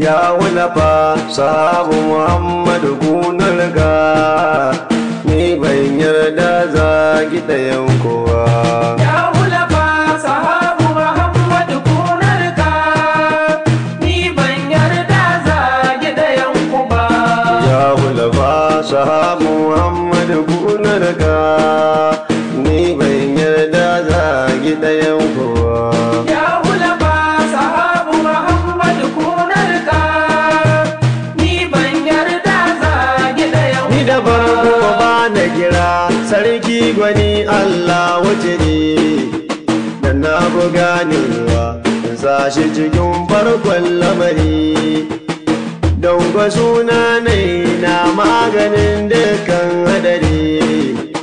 ya fa sabu muhammadu gunar ga ni ban yarda za ki ɗayan kowa gwani Allah waje ne da na ganewa za shi cikin farkon lamari don ba suna na maganin dukkan hadari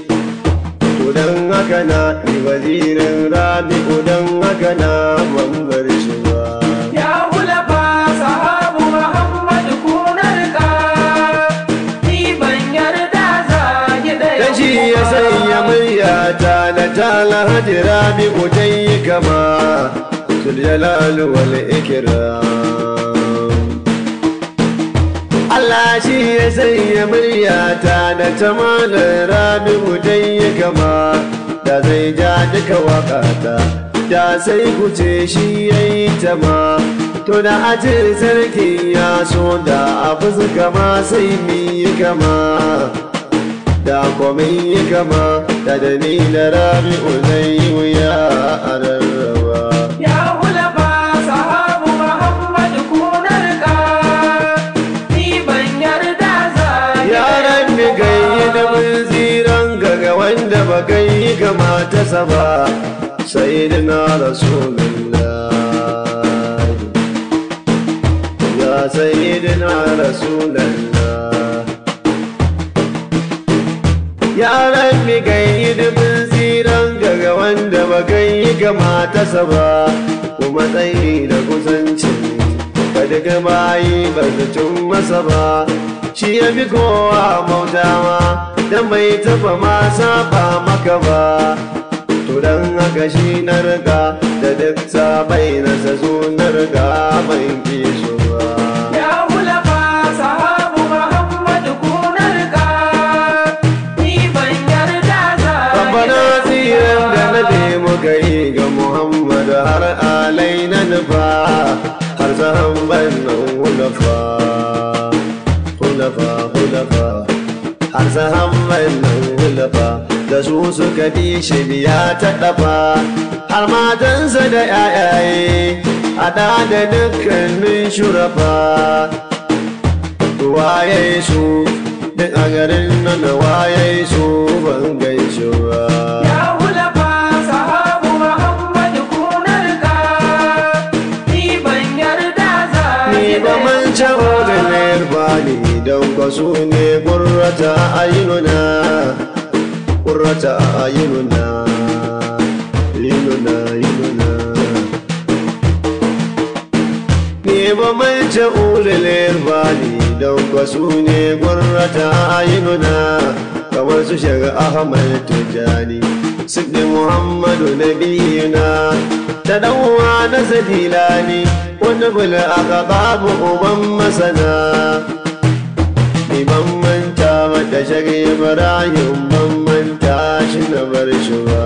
to haka na wazirin rami don haka na mambar shi الهج Rabi'u جي كما ذو الجلال والإكرام Allah shi ya sanya muryata da ta malar rabi'u dai ya gama da zai ja duka wakata da sai kuce shi ya yi tama to na a ce sarki ya so da a su gama sai mi yi gama da komai yi gama kadani da rabi'u zai yi wuya a rarraba ya ba sahabu Muhammadu kunar ka ni ban yarda za ya rabbi gayi da mun ziran gaga wanda ba gayi ga matarsa ba sayyidina rasulullah ya sayyidina rasulullah ya rabbi gayi mun tsiran gaga wanda ba kai yi ga ta ba kuma tsayi da kusancin ka daga bayi ba zaton masa ba shi ya fi kowa mautawa dan bai taba ma saba maka ba turan haka shi na riga da duk sabai na sazo na riga ban so. da su suka bi shi biya ta ɗafa har matansa da ƴaƴaye haɗa da dukkanin shurafa waye su duk a garin nan waye su ban gai ba Jawa da Nirbali don kwasu ne yi nuna. mata yi nuna yi nuna yi nuna neman mai ce ulilin bali don kwasu ne gwarrata yi nuna kamar su shiga ahmad tijani sidi muhammadu na biyuna ta ɗanwa na sadila ne wani gula a gababu uban masana neman manta mata shagi ibrahim na bar shi ba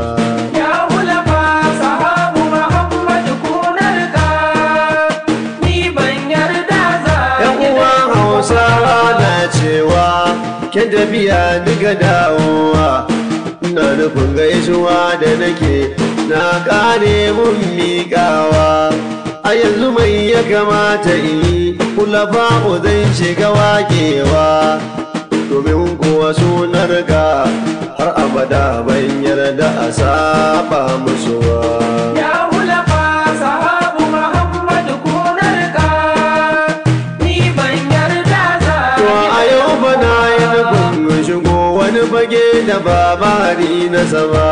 Hausawa na cewa ke tafiya duka dawowa ina nufin gaisuwa da nake na kare mun miƙawa a yanzu mai ya kamata yi kula babu zai shiga waƙewa domin kuwa sunar ka da ban yarda a saba musu ba ya hulafa sahabu muhammadu kunar ka ni ban yarda za to a yau fa na yi shigo wani bage da babari na sama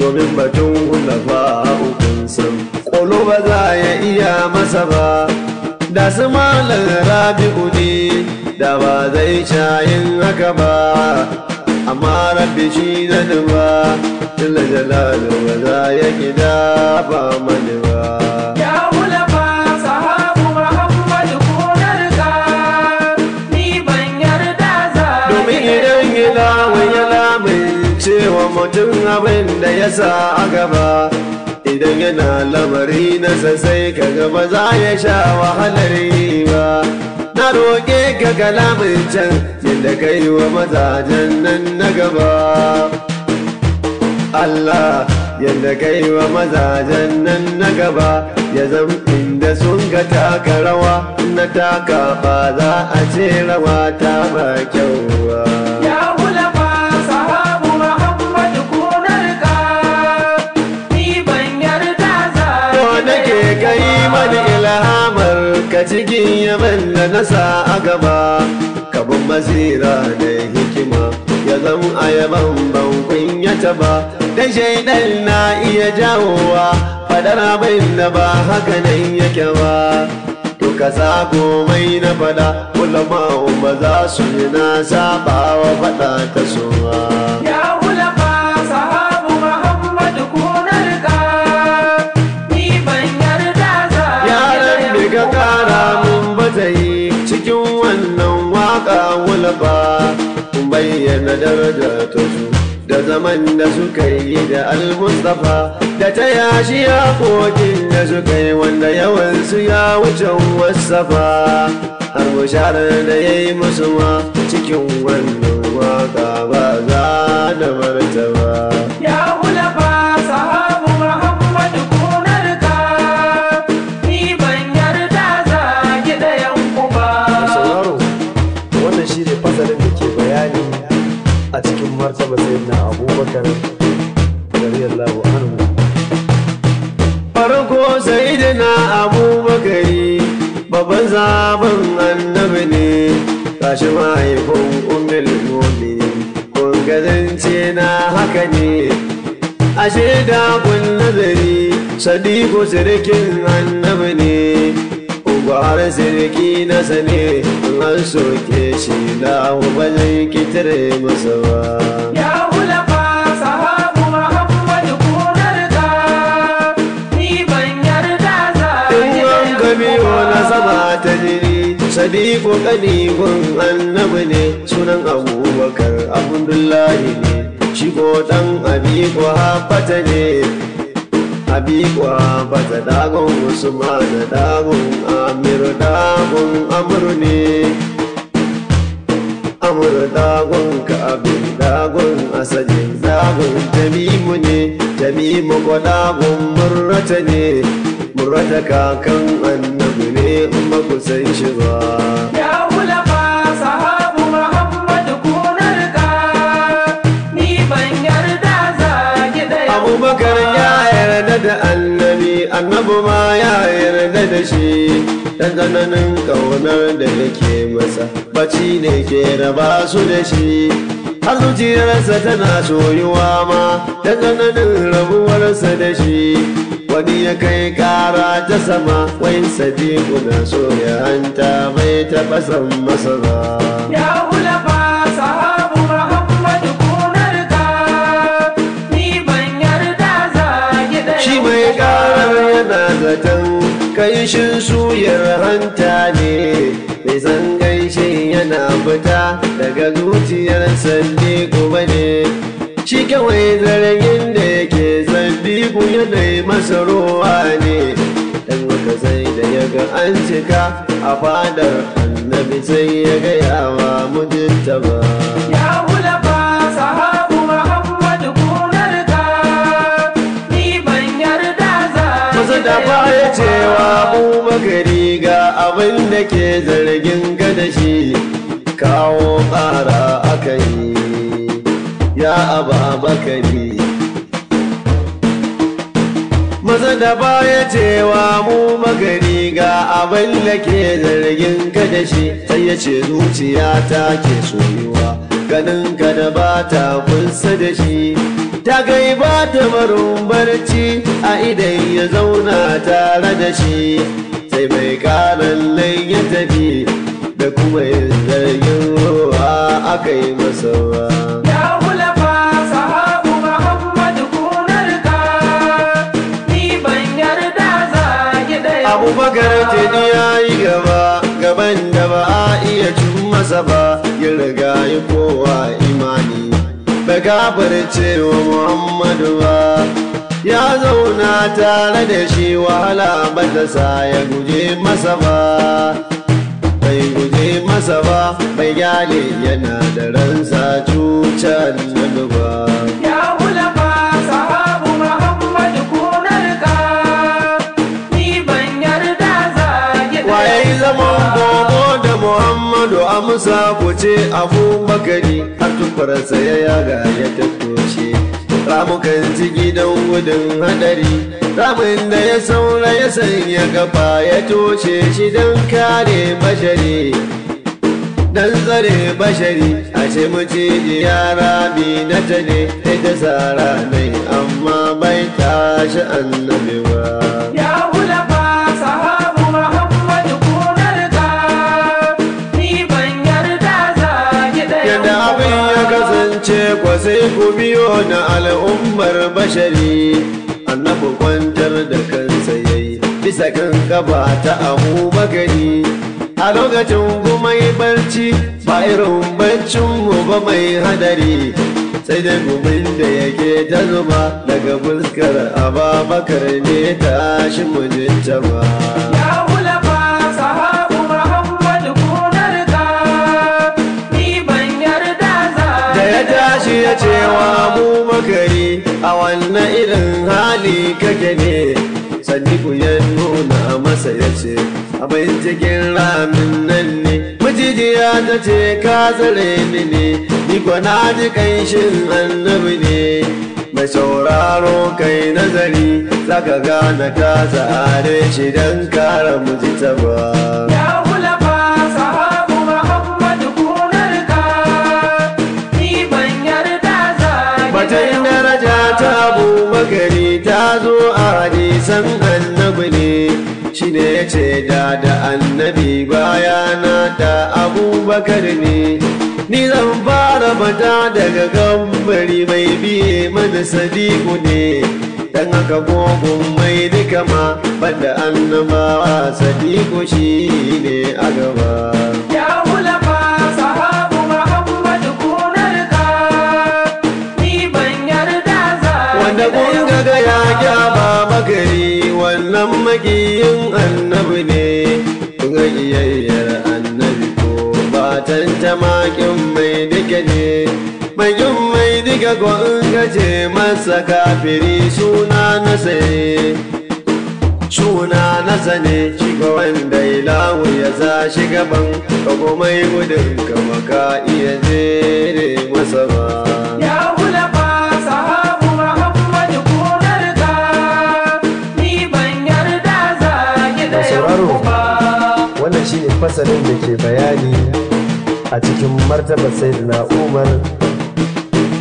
domin batun hulafa hukun san ƙwalo ba za ya iya masa ba da su malar rabi'u ne da ba zai cayin haka ba amma rabbi shi zan ba jalla jalalu ba za ya gida ba mani ba ya ni ban za domin idan gida wani mutum abin da ya sa a gaba idan yana lamari na sassai kaga maza za ya sha wahalar yi ba na roƙe ka kalamin can yadda ka yi wa mazajen nan na gaba Allah yadda ka yi wa mazajen nan na gaba ya zama inda sun ga taka rawa na taka ba za a ce rawa ta ba kyau ba ka cikin yaman da nasa a gaba kabin basira da hikima ya zan ayaban bankun ya ba da shaidan na iya jawowa fadar abin da ba haka nan yake ba to ka sa komai na fada ulama ba za su yi na saba wa fada ta suwa na daraja ta su da zaman da suka yi da almustafa da ta yashi ya kokin da suka yi wanda yawansu ya wuce wasafa har bisharar da ya yi musu ma cikin wannan waka ba za da martaba. Farko radiyallahu na farko sayyidina abubakari babban zaben annabi ne gashi mahaifin ummul mu'minin kun gazance na haka ne ashe da kun nazari sadiku sirikin annabi ne gwar sirki na sane an soke shi na ba zai kitare masa ba. sadiqo kadigun annabi ne sunan abubakar abdullahi ne shi ko dan ko hafata ne ko hafata dagon usman dagon amir dagon amr ne amr dagon ka'abi dagon asali dagon tamimu ne tamimu ko dagon murrata ne burata kakan annabi ne in ba ku san shi ba ya sahabu ni ban yarda za da abubakar ya yarda da annabi Annabu ma ya yarda da shi dan tsananin ƙaunar da yake masa bacci ne ke raba su da shi har zuciyarsa tana soyuwa ma da tsananin rabuwarsa da shi wani ya kai kara ta sama wai sadiku na so ya hanta mai taɓa san masa ba ya yana zaton kanshin suyar hanta ne bai san gaishe yana fita daga zuciyar sande kuma ne shi kawai zargin da yake ya yanayi masa ruwa ne dan maka sai da ya ga an cika a fadar annabi sai ya gaya ya hulafa sahabu muhammad ni ban yarda za da baya cewa mu magari ga abin da ke zargin ka shi kawo ƙara akan yi ya ababakari maza da baya cewa mu magani ga abin da ke zargin ka da shi sai ya ce zuciya ke soyuwa ganin ka da ba ta kunsa da shi ta gai ba ta barci a idan ya zauna tare da shi sai mai karan lai ya tafi da kuma yin zargin ruwa aka yi masa ni ya yi gaba gaban da ba a iya cin masa ba ya riga yi kowa imani bai gafarce cewa muhammadu ba ya zauna tare da shi wahala ba ta sa ya guje masa ba bai guje masa ba bai gyale yana da ransa cutar ba musa kuce abu magani har tun faransa ya yaga ya tattoce. ramukan ciki don gudun hadari ramin da ya saura ya sanya gaba ya toshe shi don kare bashari dan tsare bashari a ce mace ya rabi na ta ne tsara mai amma bai tashi annabi ba biyo na al'ummar bashari annabi kwantar da kansa yi bisa kan kaba ta abu magani a lokacin kuma yi barci ba irin barcin mu ba mai hadari sai dai gumin da yake ta zuba daga fuskar ababakar ne tashi mujinta ba kake ne sadiku ya nuna masa ya ce abin cikin ramin nan ne majijiya ta ce ka zare ni ne ni na ji kanshin annabi ne mai sauraro kai nazari zaka gane ka zare shi don kara mujita ba hadisan annabi ne shi ne ce da da annabi bayana da abubakar ne ni zan fara fata daga gambari mai biye mana sadiku ne dan haka gogon mai duka ma banda annabawa sadiku shi ne a gaba nan magiyin annabi ne ga annabi ko ba tantama kin mai duka ne magin mai duka gwan gaje masa kafiri suna na sani. suna na sane wanda ilahu ya za shi gaban ka kuma gudun ka maka iya jere masa ba fasalin da ke bayani a cikin martaba sayyidina umar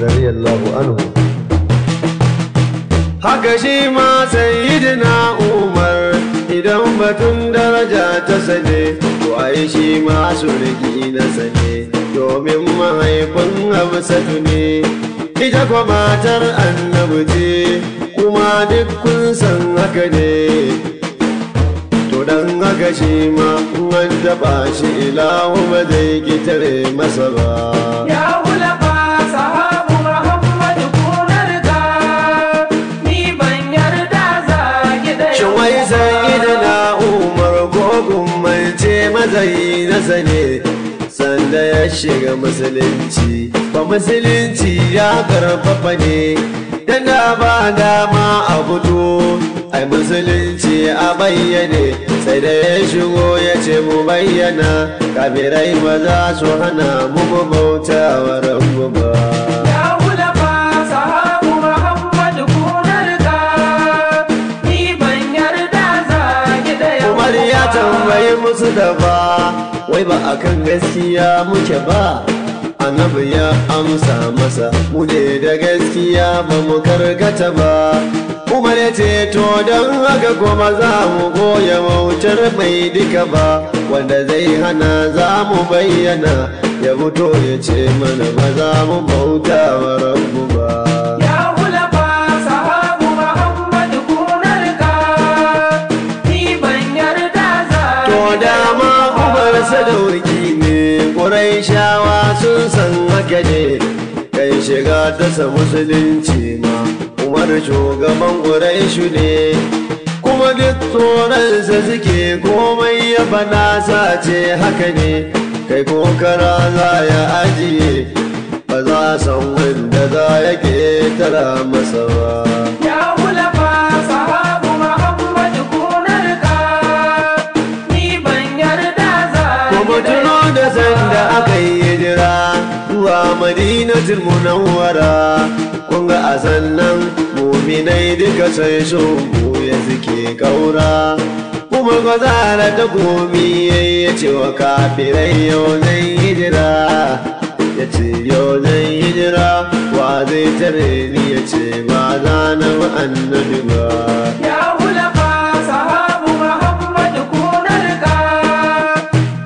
radiyallahu anhu haka shi ma da umar idan batun daraja ta sane to yi shi ma surgi na sane domin mahaifin hamsatu ne ita kwa matar annabu ce kuma duk kun san haka ne to dan kaga shi ma an taɓa shi ilahu ba zai kitare masa ba ya hulaba sahabu muhammadu kunar ka ni ban yarda za gida shin wai sai na umar gogun mai ce mazayi na sane sanda ya shiga musulunci ba musulunci ya karfafa ne dana ba dama a fito ai musulunci a bayyane sai da ya shigo ya ce mu bayyana kabirai ba za su hana mu bauta rabu ba tambayi musu da ba wai ba akan gaskiya muke ba annabi ya amsa masa mu ne da gaskiya ba mu karkata ba umar ne ce to don haka kuma za mu goya wautar mai duka ba wanda zai hana za mu bayyana ya fito ya ce mana ba za mu bauta wa rabu ba sadauki ne ƙurai sha gane kan shiga dasa musulunci ma umar shugaban ƙuraishu ne kuma duk tsoronsa suke komai ya bana ce haka ne kai ko za ya ajiye ba za san wanda za ya ke tara masa ba izir munawwara kun ga a sannan muminai duka sai mu ya suke kaura kuma ga zara ta gomi ya ce wa kafirai yau zai hijira ya ce yau zai yi jira wa zai tare ni ya ce ba za na annabi ba. Ya sahabu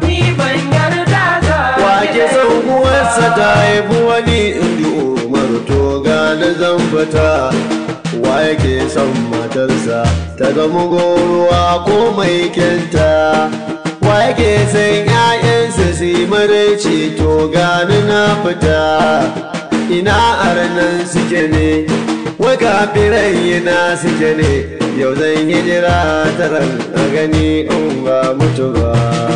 ni Wa ke son ta haifi wani nan fita wa yake son matarsa ta ga mugoruwa ko mai kenta? wa yake san 'ya'yansa su yi maraice to gani na fita ina arnan suke ne wai kafirai yana suke ne yau zan yi jira taran a gani in ba mutu ba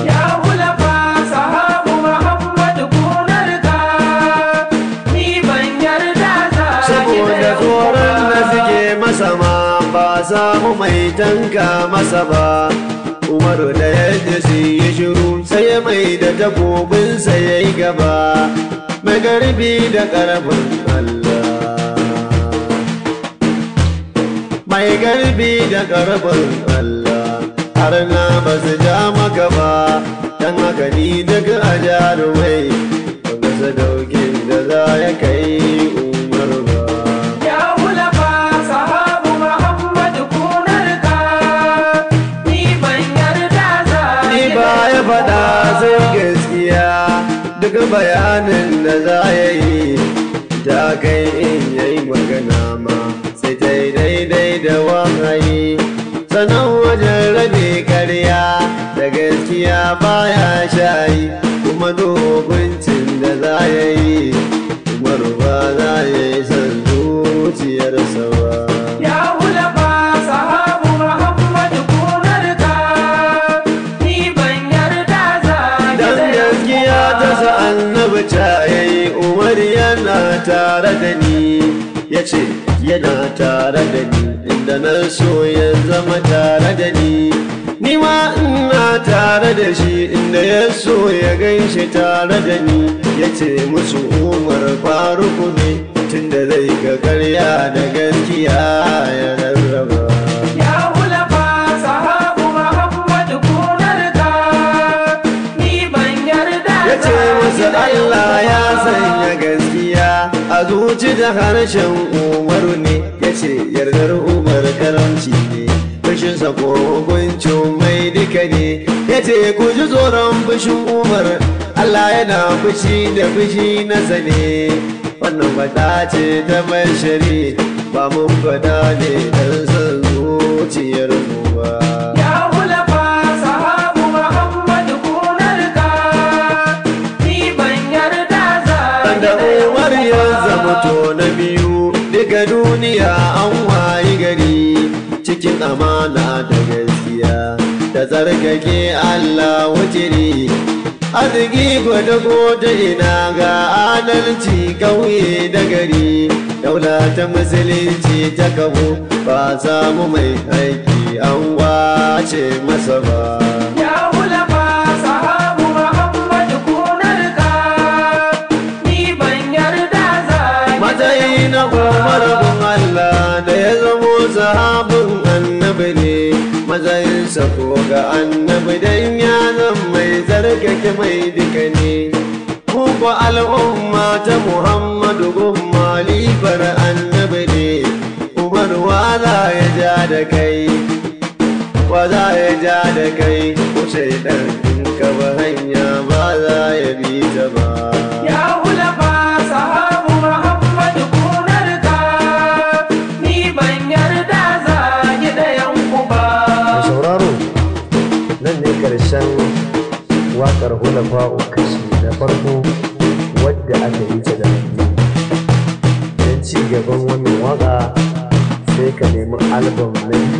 ya hulafa sahaba sama ba za mu mai tanka masa ba umaru da yadda shi ya shiru sai ya mai da takobin sai ya yi gaba garbi da ƙarfin Allah mai garbi da ƙarfin Allah har na ba su ja maka ba dan haka ni daga ajarumai ba su dauke da za ya kai da za ya yi ta kai in yayi magana ma sai ta yi daidai da wahayi sanan wajen rabe karya da gaskiya baya shayi tare da ni ya ce yana tare da ni inda na so ya zama tare da ni ni ma ina tare da shi inda ya so ya ganshi tare da ni ya ce musu umar faruku ne tunda zai ga karya da gaskiya ya rarraba a zuci da harshen umaru ne ya ce yardar umar karamci ne fushin sa ko hukuncin mai ne yace ce ku ji tsoron fushin umar Allah yana fushi da fushi na zane wannan fata ce ta mai shari ba mun fada ne don san zuciyar amana da gaskiya da zargage Allah wajiri arziki gwada goda ina ga adalci ƙauye da gari daula ta musulunci ta kabo ba samu mai aiki an wace masa ba annabi dan ya zan mai zarkake mai duka ne kuma ba al'umma ta muhammadu gumma libar annabi ne umar za ya ja da kai wa za ya ja da kai ko shaidan ka ba hanya ba za ya bi ta ba mazhabar hulafa'u kashi na farko wadda aka yi ta da don ci gaban wannan waka sai ka nemi albam na